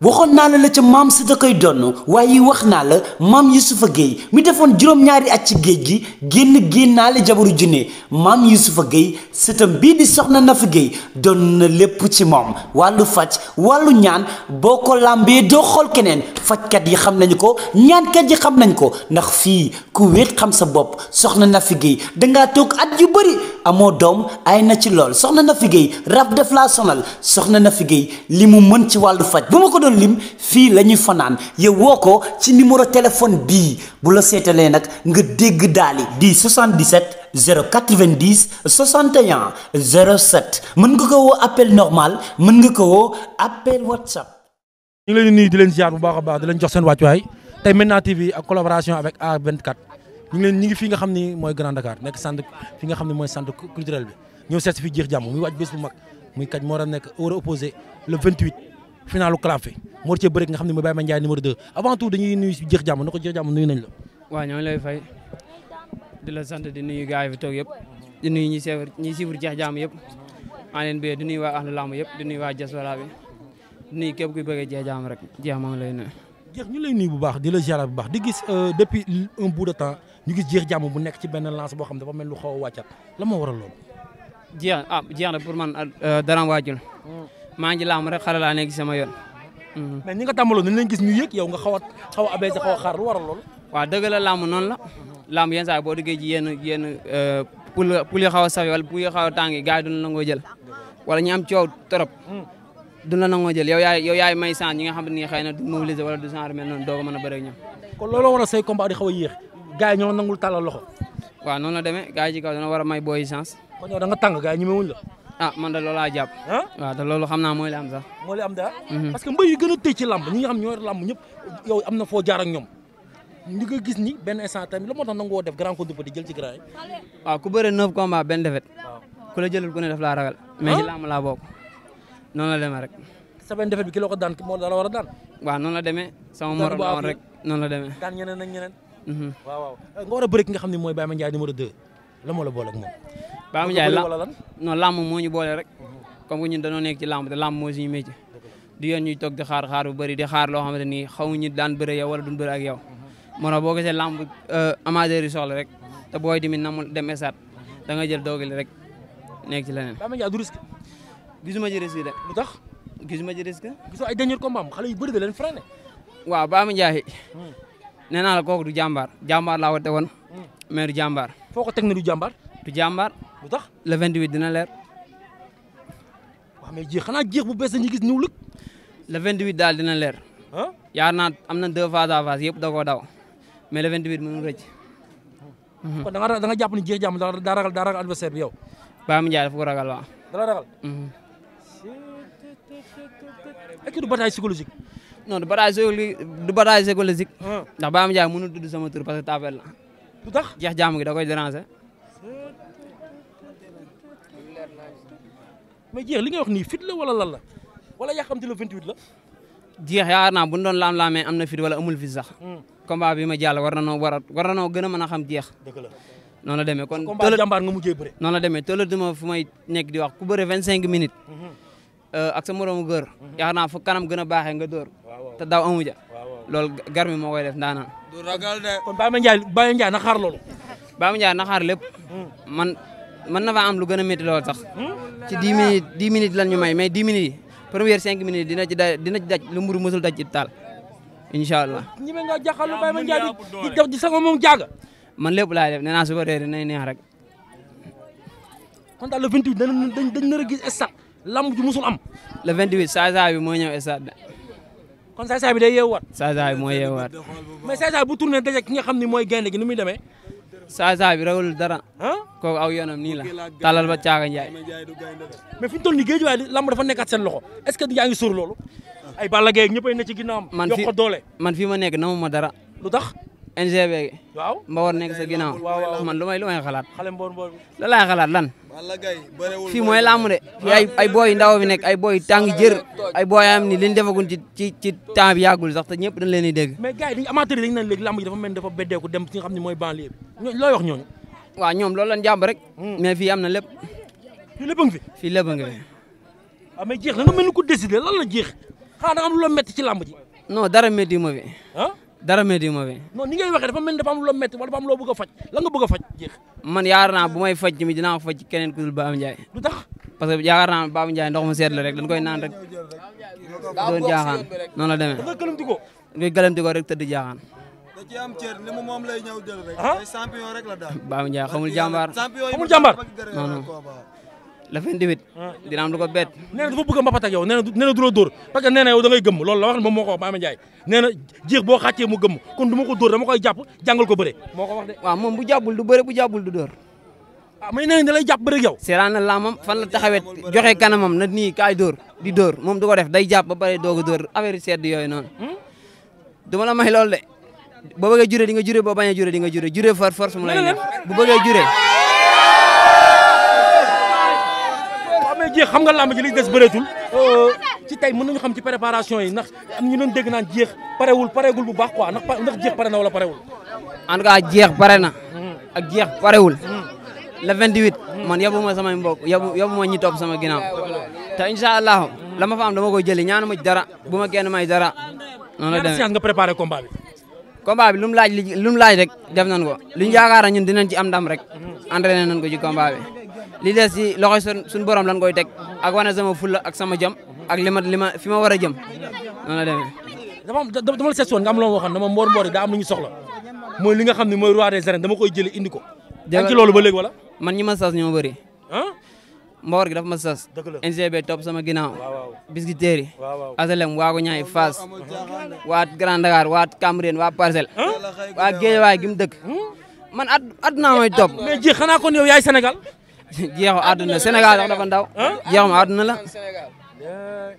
waxoon naa la la ca maam si da koy donn waaye wax naa la maam yusufa géey muy defoon juróom-ñaari at ci géej gi génn génnaale jabaru junne maam yusufa géey sëtam bii di soxna Nafi géey doon na lépp ci moom wàllu faj wàllu ñaan boo ko làmbee doo xool keneen fajkat yi xam nañu ko ñaankat yi xam nañ ko ndax fii ku wéet xam sa bopp soxna Nafi géey dangaa toog at yu bari amoo doom ay na ci lool soxna na fi géey rab def laa sonal soxna na fi géey li mu mën ci wàllu faj bu ma ko doon lim fii la ñuy fanaan yow woo ko ci numéro téléphone bi bu la seetalee nag nga dégg daali di 77 090 61 07 mën nga ko woo appel normal mën nga ko woo appel whatsapp ñu ngi leen di nuyu di leen bu baax baax di leen jox seen wàccuwaay tey Médina TV ak collaboration avec A24 ñu ngi leen ñi ngi fii nga xam ni mooy Grand Dakar nekk centre fi nga xam ne mooy centre culturel bi ñëw seet si fi jeex jàmm muy waaj bés bu mag muy kaj moo war a nekk war a opposé le 28 finalu clafé moo cee bëri nga xam ne mooy Baye Mandiaye numéro 2 avant tout dañuy nuyu si jeex jàmm na ko jeex jàmm nuyu nañ la waaw ñoo lay fay di la sant di nuyu gars yi fi toog yëpp di nuyu ñi sifur ñi sifur jeex jàmm yëpp maa leen bëgg di nuyu waa ahlu lamb yëpp di nuyu waa diaspora bi di nuyu képp kuy bëggee jeex jàmm rek jeex maa ngi lay nuyu jeex ñu lay nuyu bu baax di la ziar bu baax di gis euh, depuis un bout de temps ñu gis jeex jàmm bu nekk ci benn lance boo xam ne dafa mel lu xaw a wàccat la moo waral loolu. jeex ah jeex na pour man euh, dara waajul. maa ngi laam rek xarala nekk sama yoon. Mhm. mais ñi nga tàmbaloo nañ leen gis ñu yëg yow nga xaw a xaw a abeese xaw a xaar lu waral loolu. waaw dëgg la laamu noonu la. laamu yenn boo duggee ci yenn yenn euh, poul a sawee wala poul yi xaw a tàng yi gars yi duñu nangoo jël wala ñu am coow duñ la nangoo jël yow yaay yow yaay may chance ñi nga xam ne xëy na du mobiliser wala du genre mel noonu doo ko mën a bëre ak ñoom kon looloo war a say combat di xaw a yéex gars yi ñoo nangul tàllal loxo waaw na la demee gars yi ci a may booy ah, ah? mhm. parce que mbër yi gën a tëj ci làmb ni benn instant tamit la grand coup de petit ci grand yi waaw ku bëre neuf defet ku la jëlul ku ne noonu la demee rek. sa benn defet bi ki la ko daan moo la war a daan. waaw noonu la demee. sama morom la woon rek noonu la demee. daan ñeneen ak ñeneen. Mhm. waaw waaw nga war a bëri ki nga xam ne mooy Baye Mandiaye numéro 2 la moo la boole ak moom. Baye Mandiaye la non làmb moo ñu boole rek. comme que ñun dañoo nekk ci làmb te làmb moo suñu métier. di yoon ñuy toog di xaar xaar bu bëri di xaar euh, na mu dem esaat da rek nekk ci gisuma ci risque de. lu tax gisuma ci risque. gisoo ay dernier combat am xale yu bëri da leen freiné. waaw Baama Ndiaye. Hmm. nee naa la kooku du jàmbaar jàmbaar laa woote woon. Hmm. mais du jàmbaar. foo ko teg ne du jàmbaar. du jàmbaar. lu tax le 28 dina leer. waaw mais jeex xanaa jeex bu bees dañuy gis ñëw lëkk. le 28 daal dina leer. yaar naa am na deux face à face yëpp da koo daw mais le 28 mënu rëcc. Hmm. kon da nga da nga jàpp ni jeex jàmm daa da daa ragal adversaire bi yow. Baama Ndiaye est-ce que du bataille psychologique. non du bataille du bataille psychologique. Ah. ndax Baye Mandiaye mënul tudd sama tur parce que taafel la. lu tax jeex jàmm gi da koy déranger. mais jeex li nga wax nii la wala la la. jeex yaakaar naa bu ñu doon laam-laamee am na fit wala amul fit sax. Hmm. combat bi ma jàll war nañoo a war nañoo gën a mën a xam jeex. dëgg la noonu la demee kon. combat jàmbaar nga mujjee bëre. noonu la demee tële duma fu di wax ku bëre 25 minutes. Hmm. Euh, ak sa moroomu góor mhm. yaakaar naa fu kanam gën a baaxee nga dóor te daaw amu ja loolu gar mi moo koy def ndaanaan du ragal de kon Baye Mandiaye Baye Mandiaye na xaar loolu Baye Mandiaye hmm. man mën na faa am lu gën a métti loolu sax hmm? ci dix minutes dix minutes lan ñu may mais dix minutes yi première cinq minutes dina ci daj dina ci daj lu mburu mësul daj ci taal incha allah ñi ma nga jaxal lu Baye Mandiaye di man lépp laay def nee naa su ko réeré nay neex rek kon daal le 28 dañ dañ gis stade lamb ju musul am. le 28 saay saay bi moo ñëw stade. kon saay saay bi day yeewaat. saay saay bi moo yeewaat. mais saay saay bu tourné daje ki nga xam ne mooy gaynde gi nu muy demee. saay saay bi rawul dara. kooku aw yoonam nii la. talal ba caaga Ndiaye. mais fi ñu toll nii géej waaye lamb dafa nekkaat seen loxo est-ce que yaa ngi sóor loolu. ay Balla Gaye ñëppay ne ci doole man fi ma nekk namu ma dara. lu tax NGB gi. waaw Mbaor nekk sa ginnaaw. waaw man lu may lu may xalaat. xale Mbaor Mbaor bi. lan laay xalaat lan. fii mooy làmb de. fii ay ay booy ndaw fi nekk ay booy tàng jër. ay booy am ni liñ defagun ci ci ci temps bi yàggul sax te ñëpp dañ leen di dégg. mais gars yi amateurs yi dañu naan léegi làmb ji dafa mel dafa beddeeku dem ñoom loolu lañ jàmb rek. Hmm. mais fii am na lépp. fii lépp a ngi fi. fii lépp a ngi ah, la jeex da nga am lu la métti ci làmb ji. non dara ma fi. Ah? dara métti ma fi. non ni ngay waxee dafa mel wala dafa am loo bëgg a faj la nga bëgg a faj jeex. man naa bu may faj mi dinaa ko faj keneen ku dul Baba Ndiaye. du tax parce que naa Baba Ndiaye ndox mu seet la rek dañ koy naan rek doon jaaxaan noonu la demee. dafa gëlëm di ko. ko rek tëdd da ci am cër ni mu moom lay ñëw jël rek. Ah? champion rek le 28. dina am lu ko bett. nee na dafa bëgg a mbapat ak yow nee na nee na du la dóor parce que nee na yow da ngay gëmm loolu la wax moom moo ko wax Baama mu gëmm kon du ma ko dóor dama ko bëre. moo ko wax de. waaw bu jàppul ah, na da lay jàpp bëre yow. di dóor moom du ko def day jàpp ba pare doog a dóor affaire sedd yooyu noonu. Hmm? du ma la may loolu de boo bëggee jure di nga jure boo jure di jure jure far force mu lay neex jure tey jeex xam nga làmb ji li des bëreetul oh, ci tey mën nañu xam ci préparation yi ndax am ñu doon dégg naan jeex parewul wul bu baax quoi ndax jeex pare na wala parewul. en tout cas jeex pare na. Hmm. ak jeex parewul. Hmm. le 28. Hmm. man yabu ma samay mbokk yabu yabu ma ñi topp sama ginnaaw. te incha allah la ma fa am ko koy jëli ñaanu ma dara bu ma kenn may dara. noonu la demee séance nga préparé combat bi. combat lu mu li lu mu laaj rek def nañ ko. lu ñu yaakaar ñun dinañ ci am ndam rek. li des ci loxoy sun suñu borom lan koy teg ak wane sama fulla ak sama jam ak li li ma fi ma war a jëm noonu la demee. dama am dama la seet woon nga am loo waxoon dama mboor mboor yi lu ñu soxla mooy li nga xam ne mooy roi des arènes koy jëlee indi ko. loolu ba léegi wala. man ñi ma sas ñoo bëri. mboor gi dafa ma sas. dëgg la NGB sama ginaaw biscuiterie. waaw waaw asalem waa ko ñaay Fass. waa Grand Dakar waa Cambérène waa Parcelles. waa Guédiawaye gi mu dëkk. man at at naa may topp. mais xanaa kon yow jeexu àdduna Sénégal dafa ndaw. jeexum àdduna la.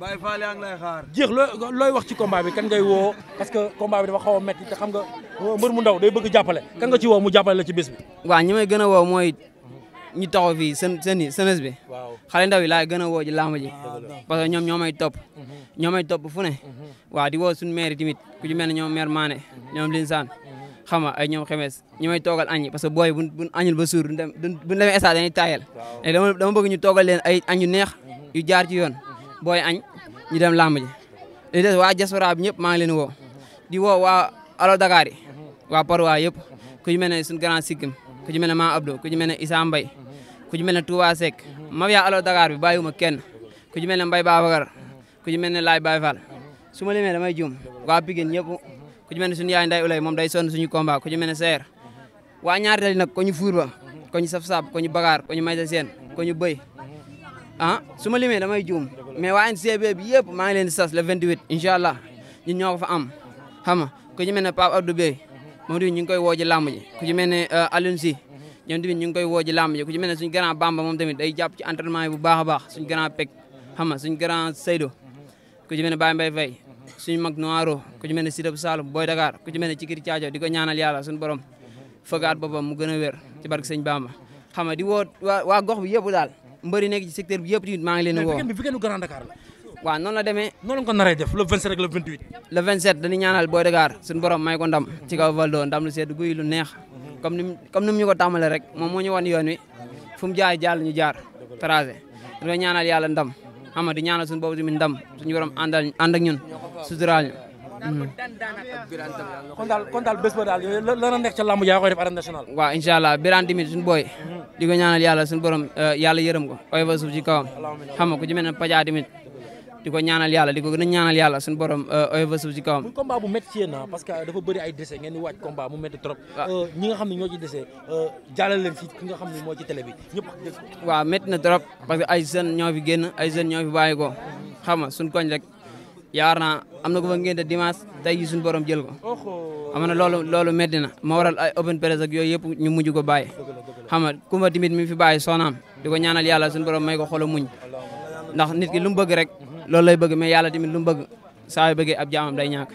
Baye Fall yaa ngi lay xaar. jeex loo wax ci combat bi kan ngay woo parce que combat bi dafa xaw a métti te xam nga mbër mu ndaw day bëgg jàppale ci woo mu jàppale la ci bés bi. waaw ñi may gën a woo mooy ñi taxaw fii seen seen senes bi. waaw xale ndaw yi laay gën a ji làmb ji. Ah, parce que ñoom ñoo may topp. Mhm. ñoo may topp fu ne. Mhm. waaw di woo suñu maire tamit ku ci mel ne ñoom maire Mané xam nga ay ñoom xemes ñi may toogal añi parce que booy bu bu añul ba suur duñ buñ demee dama dama ñu toogal leen ay añ yu neex mhm. yu jaar ci yoon booy añ ñu dem làmb ji li des waa leen woo mhm. di woo waa alo Dakar yi mhm. waa Parwa yëpp ku ci mel ne suñu grand sikkim ku ci mel ne Ma Abdou ku ci mel ne Issa Mbaye ku ci mel ne Touba Seck ma yaa alo Dakar bi bàyyiwuma kenn ku ci mel ne Mbaye Babacar ku ci mel ne Laay Baye Fall su ma limee damay juum waa ku ci mel ne suñu yaay ulay moom day sonn suñu combat ku ci mel ne seer waa ñaari tali nag ko ñu fuur ba ko ñu saf saab ko ñu bagaar ko ñu mayta seen ko ñu bëy ah su ma limee damay juum mais waa NCB bi yëpp maa ngi leen di sas le 28 incha allah ñun ñoo ko fa am xam nga ku ci mel ne Pape Abdou Bey moom ñu ngi koy woo ji làmb ji ku ci mel ne euh, Alioune Sy ñoom tamit ñu ngi koy woo ji làmb ji ku ci mel ne suñu grand Bamba moom tamit day jàpp ci entraînement bu baax a baax suñu grand Pek xam nga suñu grand Seydou ku ci mel ne Baye Mbaye Faye suñu mag noiro ku ci mel ne Sidab Saloum Boy Dakar ku ci mel ne Cikir ñaanal yàlla suñu borom fëgaat boppam mu gën a wér ci barke di waa gox bi yëpp daal mbëri nekk secteur bi yëpp tamit maa ngi woo bi la waaw noonu ko naree def le 27 ak le 28 le 27 dañuy ñaanal Boy Dakar suñu borom may ko ndam ci kaw Valdo ndam lu sedd guy lu neex comme ni mu ñu ko rek moom moo ñu wan yoon wi fu mu jaay jaar tracé xam nga di ñaanal suñu boobu tamit ndam suñu borom àndal ànd ñun suturaal ñu kon daal kon daal bés ba daal yooyu la la nekk ca làmb yaa koy def arène nationale waaw incha allah Birane tamit suñu booy di ko ñaanal yàlla suñu borom euh, yàlla yërëm ko oy fa suuf ci kawam xam di ko ñaanal yàlla di ko gën a ñaanal yàlla suñu borom euh, ci kawam. Ah, parce que dafa bëri ay décès ngeen di waaj combat mu métti trop. Euh, ñi nga euh, na trop parce que ay jeunes ñoo fi ay jeunes ñoo fi bàyyi ko xam nga koñ rek yaakaar am na ko fa ngeen di dimanche tey jii suñu jël ko. xam na loolu loolu na moo waral open press ak yooyu yëpp ñu mujj ko bàyyi. xam nga timit mi fi bàyyi sonaam di ko ñaanal yàlla suñu borom may ko xolo muñ ndax nit ki lu mu loolu lay bëgg mais yàlla tamit lu mu bëgg saa yu bëggee ab jaamam day ñàkk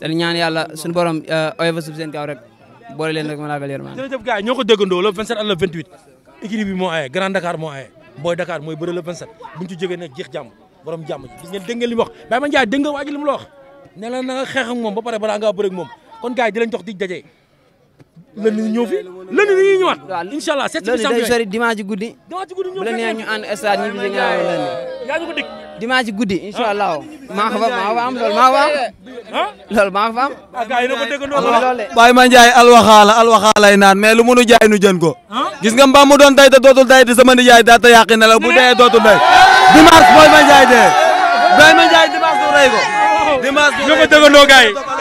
dañ ñaan yàlla suñu borom euh, oyofa suuf seen kaw rek boole leen rek malaagal yërmaan ñoo ko déggandoo le 27 ak le 28 équipe bi moo aye Grand Dakar moo aye Boy Dakar mooy bëre le 27 buñ ci jógee nag jeex jàmm borom jàmm ji gis ngeen dégg ngeen li mu wax Baye Ma Ndiaye dégg nga waa ji li mu la wax ne la na nga xeex ak moom ba pare balaa ngaa bëre ak moom kon gars yi di lañ dox di dajee lënd ñu la neex ñu ànd stade ñu dimanche guddi incha allah ah. maa ko fa maa ko fa am loolu maa ko fa am. Ah? loolu maa ko fa am. Ah, gars yi na ko déggandoo Ma Ndiaye alwaxaala alwaxaalay naan mais lu mënu jaay gis nga mbaam mu doon day te dootul day te sama nijaay daa ta yàqi ne la bu dee dootul day. dimanche Baye Ma Ndiaye dee. Baye Ma Ndiaye dimanche du ko.